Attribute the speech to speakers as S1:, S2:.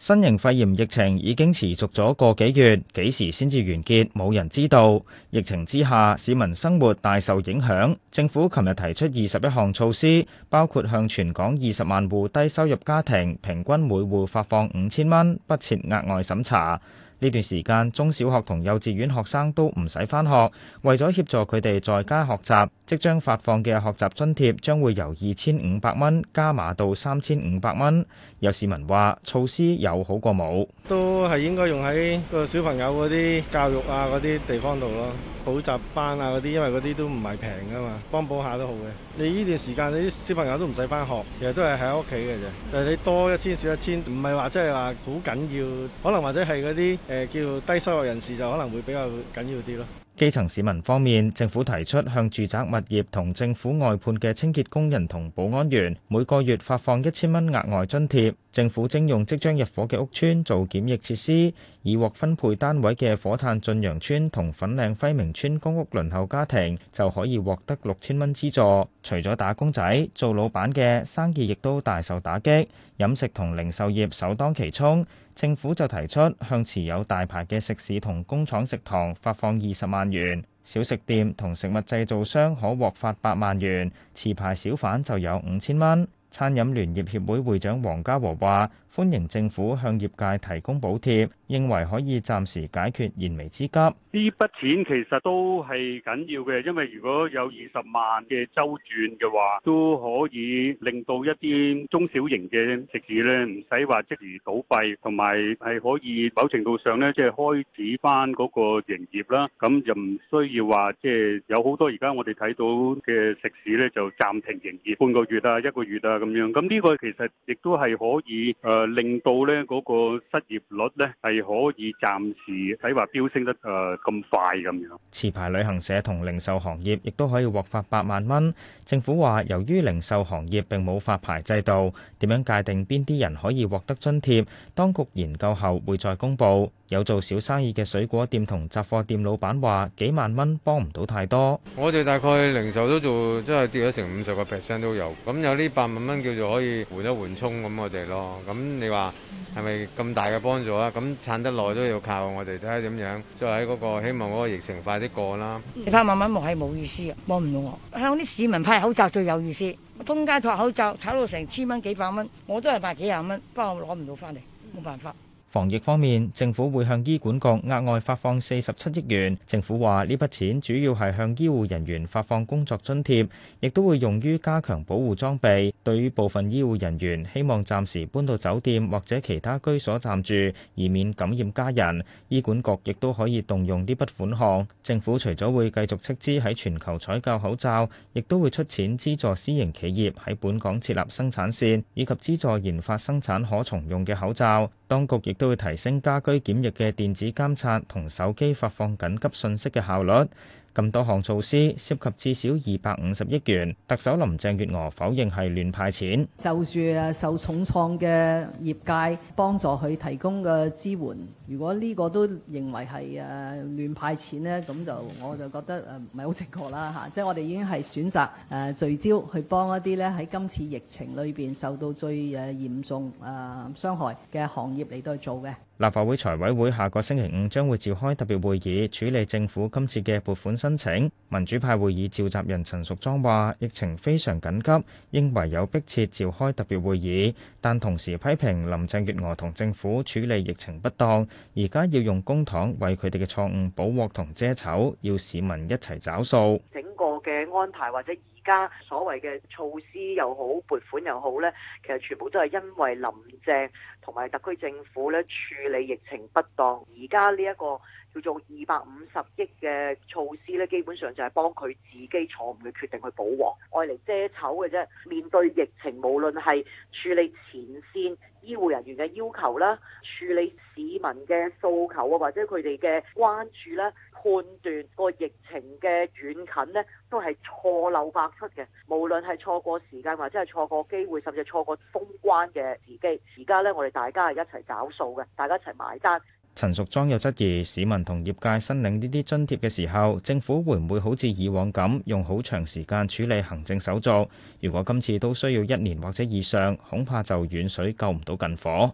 S1: 新型肺炎疫情已經持續咗個幾月，幾時先至完結，冇人知道。疫情之下，市民生活大受影響，政府琴日提出二十一項措施，包括向全港二十萬戶低收入家庭平均每戶發放五千蚊，不設額外審查。呢段時間中小學同幼稚園學生都唔使返學，為咗協助佢哋在家學習，即將發放嘅學習津貼將會由二千五百蚊加碼到三千五百蚊。有市民話：措施有好過冇，都係應該用喺個小朋友嗰啲教育啊嗰啲地方度咯，補習班啊嗰啲，因為嗰啲都唔係平㗎嘛，幫補下都好嘅。你呢段時間你啲小朋友都唔使返學，其實都係喺屋企嘅啫，就係你多一千少一千，唔係話即係話好緊要，可能或者係嗰啲。誒叫低收入人士就可能會比較緊要啲咯。基層市民方面，政府提出向住宅物業同政府外判嘅清潔工人同保安員每個月發放一千蚊額外津貼。政府徵用即將入伙嘅屋邨做檢疫設施，已獲分配單位嘅火炭俊陽邨同粉嶺輝明邨公屋輪候家庭就可以獲得六千蚊資助。除咗打工仔，做老闆嘅生意亦都大受打擊。飲食同零售業首當其衝，政府就提出向持有大牌嘅食肆同工廠食堂發放二十萬元，小食店同食物製造商可獲發八萬元，持牌小販就有五千蚊。餐飲聯業協會會長黃家和話，歡迎政府向業界提供補貼，認為可以暫時解決燃眉之急。呢筆錢其實都係緊要嘅，因為如果有二十萬嘅周轉嘅話，都可以令到一啲中小型嘅食肆咧，唔使話即時倒閉，同埋係可以某程度上咧，即係開始翻嗰個營業啦。咁就唔需要話即係有好多而家我哋睇到嘅食肆咧，就暫停營業半個月啊，一個月啊咁樣。咁呢個其實亦都係可以誒，令到咧嗰個失業率呢，係可以暫時唔使話飆升得誒咁快咁樣。持牌旅行社同零售行業亦都可以獲發八萬蚊。政府話，由於零售行業並冇發牌制度，點樣界定邊啲人可以獲得津貼，當局研究後會再公佈。有做小生意嘅水果店同雜貨店老闆話，幾萬蚊幫唔到太多。我哋大概零售都做，即係跌咗成五十個 percent 都有。咁有呢八萬蚊叫做可以緩一緩衝咁我哋咯。咁你話係咪咁大嘅幫助啊？咁撐得耐都要靠我哋睇下點樣。即係喺嗰個希望嗰個疫情快啲過啦。你八萬蚊望係冇意思啊，望唔到我。向啲市民派口罩最有意思，通街托口罩，炒到成千蚊幾百蚊，我都係賣幾廿蚊，不過我攞唔到翻嚟，冇辦法。防疫方面，政府會向醫管局額外發放四十七億元。政府話呢筆錢主要係向醫護人員發放工作津貼，亦都會用於加強保護裝備。對於部分醫護人員希望暫時搬到酒店或者其他居所暫住，以免感染家人，醫管局亦都可以動用呢筆款項。政府除咗會繼續斥資喺全球採購口罩，亦都會出錢資助私營企業喺本港設立生產線，以及資助研發生產可重用嘅口罩。當局亦都會提升家居檢疫嘅電子監察同手機發放緊急信息嘅效率。咁多項措施涉及至少二百五十億元。特首林鄭月娥否認係亂派錢。
S2: 就住啊受重創嘅業界，幫助佢提供嘅支援。如果呢個都認為係誒亂派錢咧，咁就我就覺得誒唔係好正確啦嚇。即係我哋已經係選擇誒聚焦去幫一啲咧喺今次疫情裏邊受到最誒嚴重誒傷害嘅行業嚟到做嘅。
S1: 立法會財委會下個星期五將會召開特別會議，處理政府今次嘅撥款申請。民主派會議召集人陳淑莊話：疫情非常緊急，認為有迫切召開特別會議，但同時批評林鄭月娥同政府處理疫情不當。而家要用公帑為佢哋嘅錯誤補鑊同遮醜，要市民一齊找數。
S2: 整個嘅安排或者。而家所謂嘅措施又好撥款又好咧，其實全部都係因為林鄭同埋特區政府咧處理疫情不當，而家呢一個叫做二百五十億嘅措施咧，基本上就係幫佢自己錯誤嘅決定去補鑊，愛嚟遮醜嘅啫。面對疫情，無論係處理前線醫護人員嘅要求啦，處理市民嘅訴求啊，或者佢哋嘅關注啦，判斷個疫情嘅遠近咧，都係錯漏百。出嘅，無論係錯過時間或者係錯過機會，甚至係錯過封關嘅時機，而家呢，我哋大家係一齊找數嘅，大家一齊買單。
S1: 陳淑莊又質疑，市民同業界申領呢啲津貼嘅時候，政府會唔會好似以往咁用好長時間處理行政手續？如果今次都需要一年或者以上，恐怕就遠水救唔到近火。